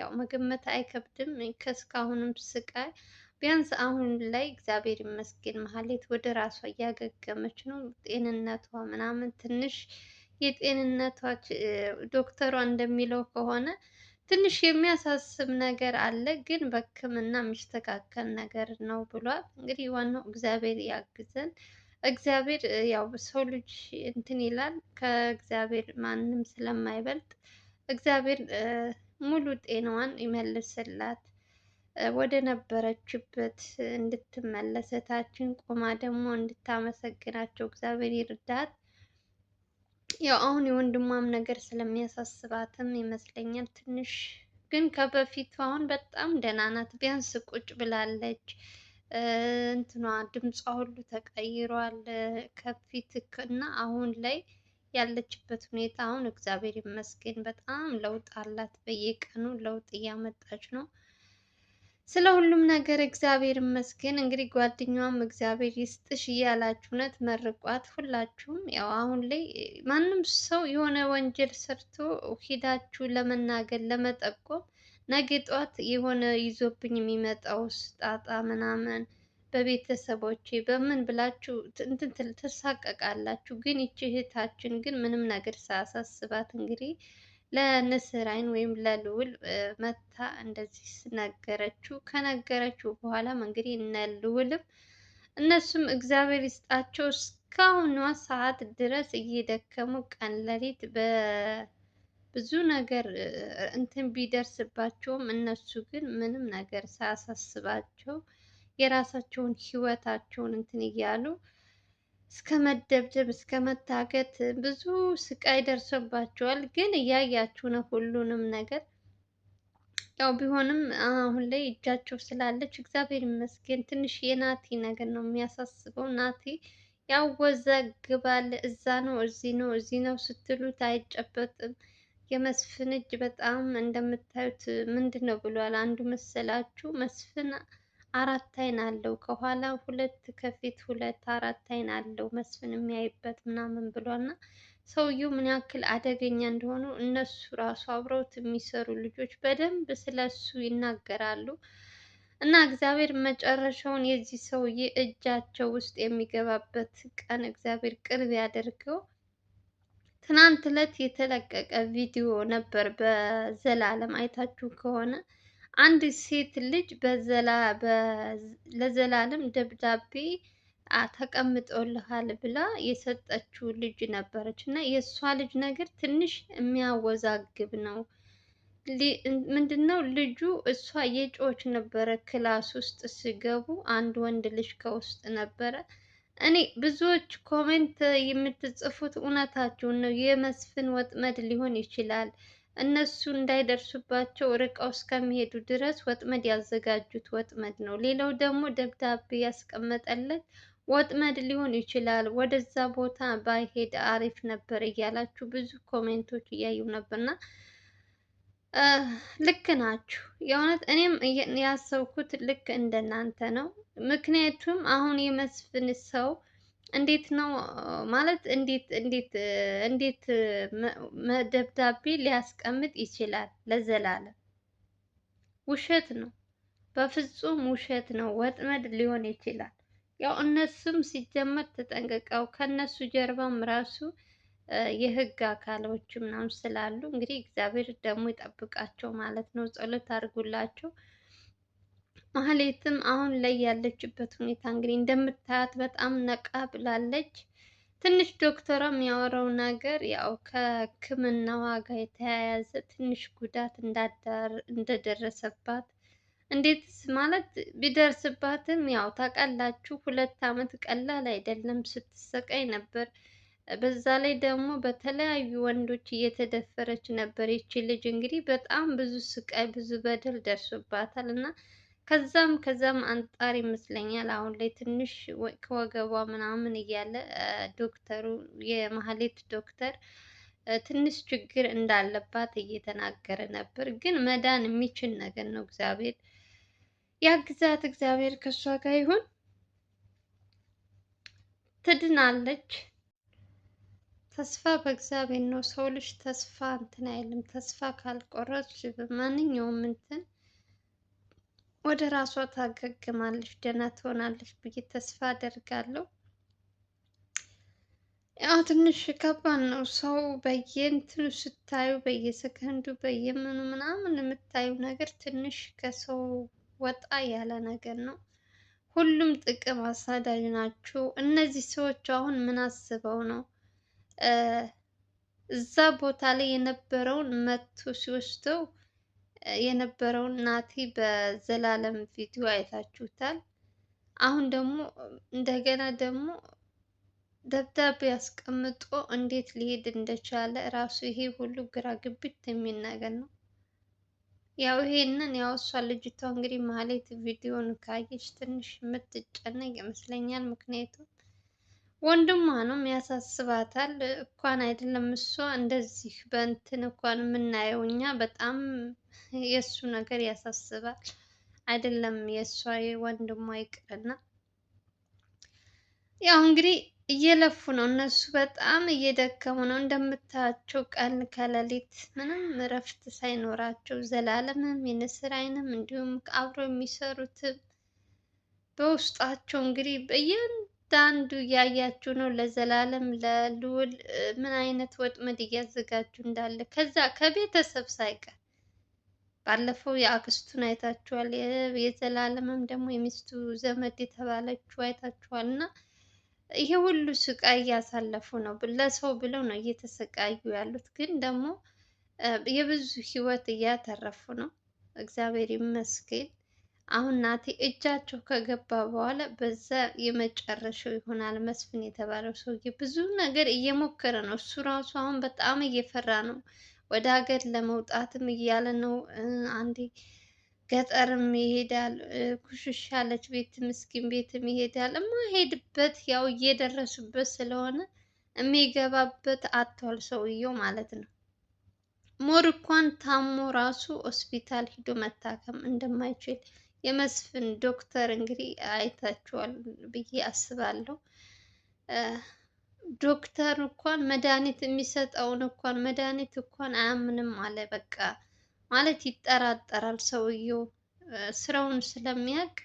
ያው መገመት አይከብድም። ከእስካሁንም ስቃይ ቢያንስ አሁን ላይ እግዚአብሔር ይመስገን መሀሌት ወደ ራሷ እያገገመች ነው። ጤንነቷ ምናምን ትንሽ የጤንነቷ ዶክተሯ እንደሚለው ከሆነ ትንሽ የሚያሳስብ ነገር አለ፣ ግን በሕክምና የሚስተካከል ነገር ነው ብሏል። እንግዲህ ዋናው እግዚአብሔር ያግዘን። እግዚአብሔር ያው ሰው ልጅ እንትን ይላል፣ ከእግዚአብሔር ማንም ስለማይበልጥ እግዚአብሔር ሙሉ ጤናዋን ይመልስላት፣ ወደ ነበረችበት እንድትመለስ እህታችን ቆማ ደግሞ እንድታመሰግናቸው እግዚአብሔር ይርዳት። ያው አሁን የወንድሟም ነገር ስለሚያሳስባትም ይመስለኛል ትንሽ ግን ከበፊቱ አሁን በጣም ደህና ናት። ቢያንስ ቁጭ ብላለች። እንትኗ ድምጿ ሁሉ ተቀይሯል ከፊት እና አሁን ላይ ያለችበት ሁኔታ አሁን እግዚአብሔር ይመስገን በጣም ለውጥ አላት። በየቀኑ ለውጥ እያመጣች ነው። ስለ ሁሉም ነገር እግዚአብሔር ይመስገን። እንግዲህ ጓደኛዋም እግዚአብሔር ይስጥሽ እያላችሁ እውነት መርቋት ሁላችሁም። ያው አሁን ላይ ማንም ሰው የሆነ ወንጀል ሰርቶ ሂዳችሁ ለመናገር ለመጠቆም ነገ ጠዋት የሆነ ይዞብኝ የሚመጣው ስጣጣ ምናምን በቤተሰቦቼ በምን ብላችሁ እንትን ትሳቀቃላችሁ። ግን ይቺ እህታችን ግን ምንም ነገር ሳያሳስባት እንግዲህ ለንስር አይን ወይም ለልዑል መታ እንደዚህ ነገረችው። ከነገረችው በኋላም እንግዲህ እነ ልዑልም እነሱም እግዚአብሔር ይስጣቸው እስካሁኗ ሰዓት ድረስ እየደከሙ ቀን ለሊት በብዙ ነገር እንትን ቢደርስባቸውም እነሱ ግን ምንም ነገር ሳያሳስባቸው የራሳቸውን ህይወታቸውን እንትን እያሉ እስከ መደብደብ እስከ መታገት ብዙ ስቃይ ደርሶባቸዋል። ግን እያያችሁ ነው ሁሉንም ነገር ያው ቢሆንም አሁን ላይ እጃቸው ስላለች እግዚአብሔር ይመስገን። ትንሽ የናቲ ነገር ነው የሚያሳስበው። ናቲ ያወዛግባል። እዛ ነው እዚህ ነው እዚህ ነው ስትሉት አይጨበጥም። የመስፍን እጅ በጣም እንደምታዩት ምንድን ነው ብሏል። አንዱ መሰላችሁ መስፍን አራት አይን አለው ከኋላ ሁለት ከፊት ሁለት አራት አይን አለው መስፍን የሚያይበት ምናምን ብሏል። እና ሰውየው ምን ያክል አደገኛ እንደሆኑ እነሱ ራሱ አብረውት የሚሰሩ ልጆች በደንብ ስለሱ ይናገራሉ። እና እግዚአብሔር መጨረሻውን የዚህ ሰውዬ እጃቸው ውስጥ የሚገባበት ቀን እግዚአብሔር ቅርብ ያደርገው። ትናንት ዕለት የተለቀቀ ቪዲዮ ነበር በዘላለም አይታችሁ ከሆነ አንድ ሴት ልጅ ለዘላለም ደብዳቤ ተቀምጦልሃል ብላ የሰጠችው ልጅ ነበረች እና የእሷ ልጅ ነገር ትንሽ የሚያወዛግብ ነው። ምንድን ነው ልጁ እሷ የጮች ነበረ። ክላስ ውስጥ ሲገቡ አንድ ወንድ ልጅ ከውስጥ ነበረ። እኔ ብዙዎች ኮሜንት የምትጽፉት እውነታችሁን ነው። የመስፍን ወጥመድ ሊሆን ይችላል እነሱ እንዳይደርሱባቸው ርቀው እስከሚሄዱ ድረስ ወጥመድ ያዘጋጁት ወጥመድ ነው። ሌላው ደግሞ ደብዳቤ ያስቀመጠለት ወጥመድ ሊሆን ይችላል። ወደዛ ቦታ ባይሄድ አሪፍ ነበር እያላችሁ ብዙ ኮሜንቶች እያዩ ነበርና ልክ ናችሁ። የእውነት እኔም ያሰብኩት ልክ እንደናንተ ነው። ምክንያቱም አሁን የመስፍን ሰው እንዴት ነው ማለት እንዴት እንዴት እንዴት ደብዳቤ ሊያስቀምጥ ይችላል? ለዘላለም ውሸት ነው፣ በፍጹም ውሸት ነው። ወጥመድ ሊሆን ይችላል። ያው እነሱም ሲጀመር ተጠንቅቀው ከነሱ ጀርባም ራሱ የህግ አካሎች ምናምን ስላሉ እንግዲህ እግዚአብሔር ደግሞ ይጠብቃቸው ማለት ነው። ጸሎት አድርጉላቸው። ማህሌትም አሁን ላይ ያለችበት ሁኔታ እንግዲህ እንደምታያት በጣም ነቃ ብላለች። ትንሽ ዶክተሯ የሚያወራው ነገር ያው ከሕክምናዋ ዋጋ የተያያዘ ትንሽ ጉዳት እንደደረሰባት እንዴት ማለት ቢደርስባትም ያው ታውቃላችሁ ሁለት ዓመት ቀላል አይደለም፣ ስትሰቃይ ነበር። በዛ ላይ ደግሞ በተለያዩ ወንዶች እየተደፈረች ነበር። ይቺ ልጅ እንግዲህ በጣም ብዙ ስቃይ፣ ብዙ በደል ደርሶባታል እና ከዛም ከዛም አንጣር ይመስለኛል አሁን ላይ ትንሽ ከወገቧ ምናምን እያለ ዶክተሩ የማህሌት ዶክተር ትንሽ ችግር እንዳለባት እየተናገረ ነበር። ግን መዳን የሚችል ነገር ነው። እግዚአብሔር ያግዛት። እግዚአብሔር ከእሷ ጋር ይሁን። ትድናለች። ተስፋ በእግዚአብሔር ነው። ሰው ልጅ ተስፋ እንትን አይልም። ተስፋ ካልቆረጥሽ በማንኛውም እንትን ወደ ራሷ ታገግማለች፣ ደህና ትሆናለች ብዬ ተስፋ አደርጋለሁ። ያው ትንሽ ከባድ ነው። ሰው በየእንትኑ ስታዩ በየሰከንዱ በየምኑ ምናምን የምታዩ ነገር ትንሽ ከሰው ወጣ ያለ ነገር ነው። ሁሉም ጥቅም አሳዳጅ ናቸው። እነዚህ ሰዎች አሁን ምን አስበው ነው እዛ ቦታ ላይ የነበረውን መጥቶ ሲወስደው የነበረውን ናቲ በዘላለም ቪዲዮ አይታችሁታል። አሁን ደግሞ እንደገና ደግሞ ደብዳቤ አስቀምጦ እንዴት ሊሄድ እንደቻለ ራሱ ይሄ ሁሉ ግራ ግብት የሚናገር ነው። ያው ይሄንን ያው እሷ ልጅቷ እንግዲህ ማህሌት ቪዲዮን ካየች ትንሽ የምትጨነቅ ይመስለኛል ምክንያቱም ነው ያሳስባታል። እንኳን አይደለም እሷ እንደዚህ በእንትን እንኳን የምናየው እኛ በጣም የእሱ ነገር ያሳስባል። አይደለም የእሷ ወንድሟ ይቅርና ያው እንግዲህ እየለፉ ነው እነሱ በጣም እየደከሙ ነው እንደምታያቸው፣ ቀን ከሌሊት ምንም እረፍት ሳይኖራቸው ዘላለምም የንስራይንም እንዲሁም አብረው የሚሰሩት በውስጣቸው እንግዲህ በያን አንዱ እያያችሁ ነው። ለዘላለም ለልውል ምን አይነት ወጥመድ እያዘጋጁ እንዳለ ከዛ ከቤተሰብ ሳይቀር ባለፈው የአክስቱን አይታችኋል። የዘላለምም ደግሞ የሚስቱ ዘመድ የተባለችው አይታችኋል። እና ይሄ ሁሉ ስቃይ እያሳለፉ ነው። ለሰው ብለው ነው እየተሰቃዩ ያሉት፣ ግን ደግሞ የብዙ ህይወት እያተረፉ ነው። እግዚአብሔር ይመስገን። አሁን ናቲ እጃቸው ከገባ በኋላ በዛ የመጨረሻው ይሆናል። መስፍን የተባለው ሰውዬ ብዙ ነገር እየሞከረ ነው። እሱ ራሱ አሁን በጣም እየፈራ ነው። ወደ ሀገር ለመውጣትም እያለ ነው። አንዴ ገጠርም ይሄዳል፣ ኩሽሽ ያለች ቤት ምስኪን ቤትም ይሄዳል። ማሄድበት ያው እየደረሱበት ስለሆነ የሚገባበት አጥቷል ሰውየው ማለት ነው። ሞር እንኳን ታሞ ራሱ ሆስፒታል ሂዶ መታከም እንደማይችል የመስፍን ዶክተር እንግዲህ አይታችኋል ብዬ አስባለሁ። ዶክተር እንኳን መድኃኒት የሚሰጠውን እንኳን መድኃኒት እንኳን አያምንም አለ። በቃ ማለት ይጠራጠራል ሰውየው ስራውን ስለሚያውቅ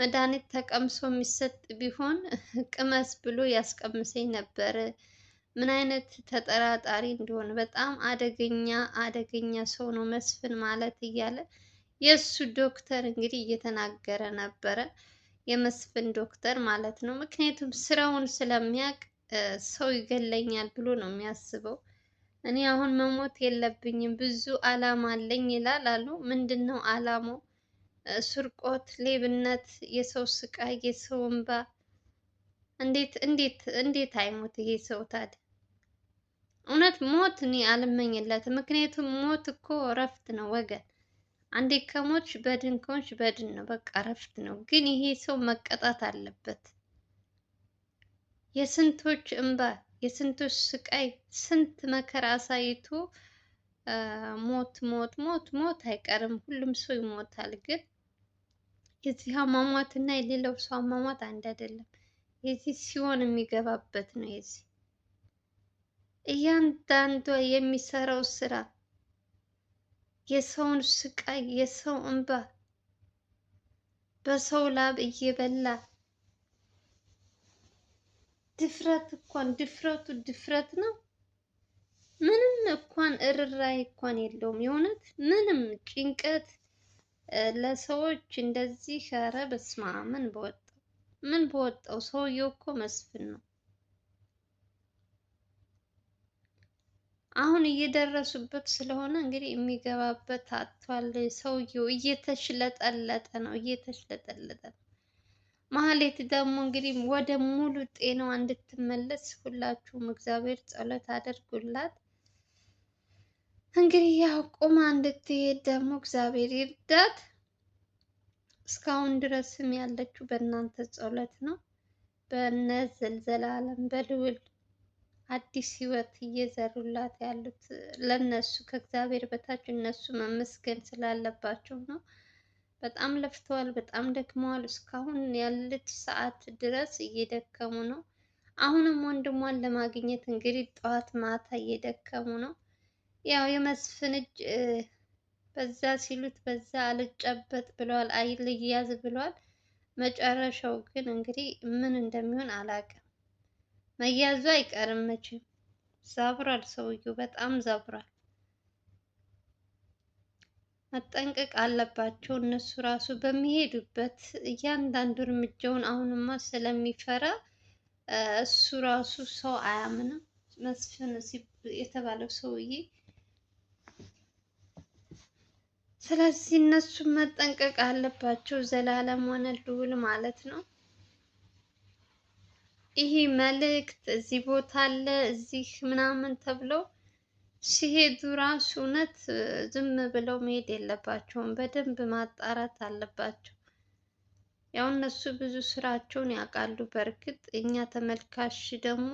መድኃኒት ተቀምሶ የሚሰጥ ቢሆን ቅመስ ብሎ ያስቀምሰኝ ነበር። ምን አይነት ተጠራጣሪ እንደሆነ በጣም አደገኛ አደገኛ ሰው ነው መስፍን ማለት እያለ የእሱ ዶክተር እንግዲህ እየተናገረ ነበረ፣ የመስፍን ዶክተር ማለት ነው። ምክንያቱም ስራውን ስለሚያውቅ ሰው ይገለኛል ብሎ ነው የሚያስበው። እኔ አሁን መሞት የለብኝም ብዙ አላማ አለኝ ይላል አሉ። ምንድን ነው አላማው? ስርቆት፣ ሌብነት፣ የሰው ስቃይ፣ የሰው እንባ። እንዴት እንዴት እንዴት አይሞት ይሄ ሰው ታዲያ? እውነት ሞት እኔ አልመኝለትም። ምክንያቱም ሞት እኮ እረፍት ነው ወገን አንዴ ከሞች በድን ከሆንሽ በድን ነው፣ በቃ እረፍት ነው። ግን ይሄ ሰው መቀጣት አለበት። የስንቶች እንባ፣ የስንቶች ስቃይ፣ ስንት መከራ አሳይቶ ሞት ሞት ሞት ሞት አይቀርም። ሁሉም ሰው ይሞታል። ግን የዚህ አሟሟት እና የሌላው ሰው አሟሟት አንድ አይደለም። የዚህ ሲሆን የሚገባበት ነው። የዚህ እያንዳንዷ የሚሰራው ስራ የሰውን ስቃይ የሰው እንባ በሰው ላብ እየበላ ድፍረት እንኳን ድፍረቱ ድፍረት ነው። ምንም እንኳን እርራይ እንኳን የለውም። የእውነት ምንም ጭንቀት ለሰዎች እንደዚህ ኧረ በስመ አብ ምን በወጣው ምን በወጣው። ሰውየው እኮ መስፍን ነው። አሁን እየደረሱበት ስለሆነ እንግዲህ የሚገባበት አጥቷል። ሰውየው እየተሽለጠለጠ ነው፣ እየተሽለጠለጠ ነው። ማህሌት ደግሞ እንግዲህ ወደ ሙሉ ጤናዋ እንድትመለስ ሁላችሁም እግዚአብሔር ጸሎት አድርጉላት። እንግዲህ ያው ቁማ እንድትሄድ ደግሞ እግዚአብሔር ይርዳት። እስካሁን ድረስም ያለችው በእናንተ ጸሎት ነው። በነ ዘላለም በልውል አዲስ ህይወት እየዘሩላት ያሉት ለነሱ ከእግዚአብሔር በታች እነሱ መመስገን ስላለባቸው ነው። በጣም ለፍተዋል፣ በጣም ደክመዋል። እስካሁን ያለች ሰዓት ድረስ እየደከሙ ነው። አሁንም ወንድሟን ለማግኘት እንግዲህ ጠዋት ማታ እየደከሙ ነው። ያው የመስፍን እጅ በዛ ሲሉት በዛ አልጨበጥ ብለዋል፣ አይ ልያዝ ብለዋል። መጨረሻው ግን እንግዲህ ምን እንደሚሆን አላውቅም። መያዙ አይቀርም መቼም። ዛብሯል፣ ሰውየው በጣም ዛብሯል። መጠንቀቅ አለባቸው እነሱ ራሱ በሚሄዱበት እያንዳንዱ እርምጃውን። አሁንማ ስለሚፈራ እሱ ራሱ ሰው አያምንም። መስፍን የተባለው ሰውዬ ስለዚህ እነሱ መጠንቀቅ አለባቸው፣ ዘላለም ሆነ ልዑል ማለት ነው። ይሄ መልእክት እዚህ ቦታ አለ እዚህ ምናምን ተብለው ሲሄዱ ራሱ እውነት ዝም ብለው መሄድ የለባቸውም። በደንብ ማጣራት አለባቸው። ያው እነሱ ብዙ ስራቸውን ያውቃሉ። በእርግጥ እኛ ተመልካች ደግሞ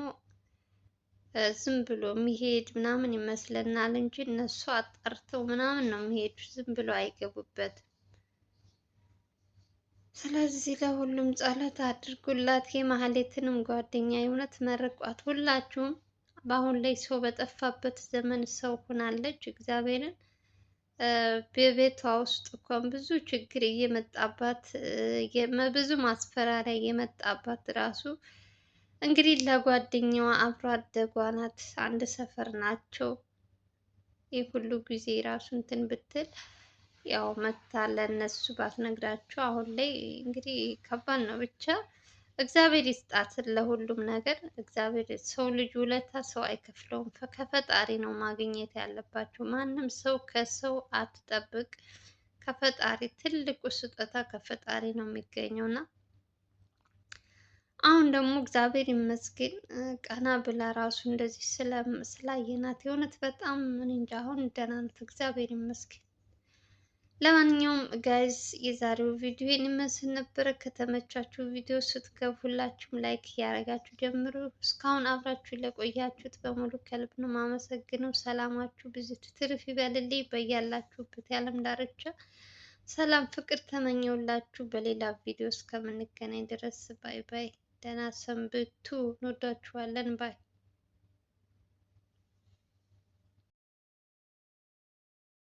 ዝም ብሎ የሚሄድ ምናምን ይመስለናል እንጂ እነሱ አጣርተው ምናምን ነው የሚሄዱ። ዝም ብሎ አይገቡበትም። ስለዚህ ለሁሉም ጸሎት አድርጉላት። የማህሌትንም ጓደኛ የእውነት መርቋት። ሁላችሁም በአሁን ላይ ሰው በጠፋበት ዘመን ሰው ሆናለች። እግዚአብሔርን በቤቷ ውስጥ እንኳን ብዙ ችግር እየመጣባት ብዙ ማስፈራሪያ እየመጣባት ራሱ እንግዲህ ለጓደኛዋ አብሮ አደጓ ናት፣ አንድ ሰፈር ናቸው። ይህ ሁሉ ጊዜ ራሱ እንትን ብትል ያው መታ ለእነሱ ባትነግራቸው አሁን ላይ እንግዲህ ከባድ ነው። ብቻ እግዚአብሔር ይስጣት ለሁሉም ነገር። እግዚአብሔር ሰው ልጅ ውለታ ሰው አይከፍለውም፣ ከፈጣሪ ነው ማግኘት ያለባቸው። ማንም ሰው ከሰው አትጠብቅ፣ ከፈጣሪ ትልቁ ስጦታ ከፈጣሪ ነው የሚገኘው እና አሁን ደግሞ እግዚአብሔር ይመስገን ቀና ብላ ራሱ እንደዚህ ስላየናት የእውነት በጣም ምን እንጃ አሁን ደህና ናት። እግዚአብሔር ይመስገን። ለማንኛውም ጋይዝ የዛሬው ቪዲዮ ይመስል ነበረ። ከተመቻችሁ ቪዲዮ ስትገቡ ሁላችሁም ላይክ እያደረጋችሁ ጀምሩ። እስካሁን አብራችሁ ለቆያችሁት በሙሉ ከልብ ነው ማመሰግነው። ሰላማችሁ ብዙ ትርፍ ይበልልኝ። በያላችሁበት የዓለም ዳርቻ ሰላም ፍቅር ተመኘውላችሁ። በሌላ ቪዲዮ እስከምንገናኝ ድረስ ባይ ባይ። ደህና ሰንብቱ። እንወዳችኋለን ባይ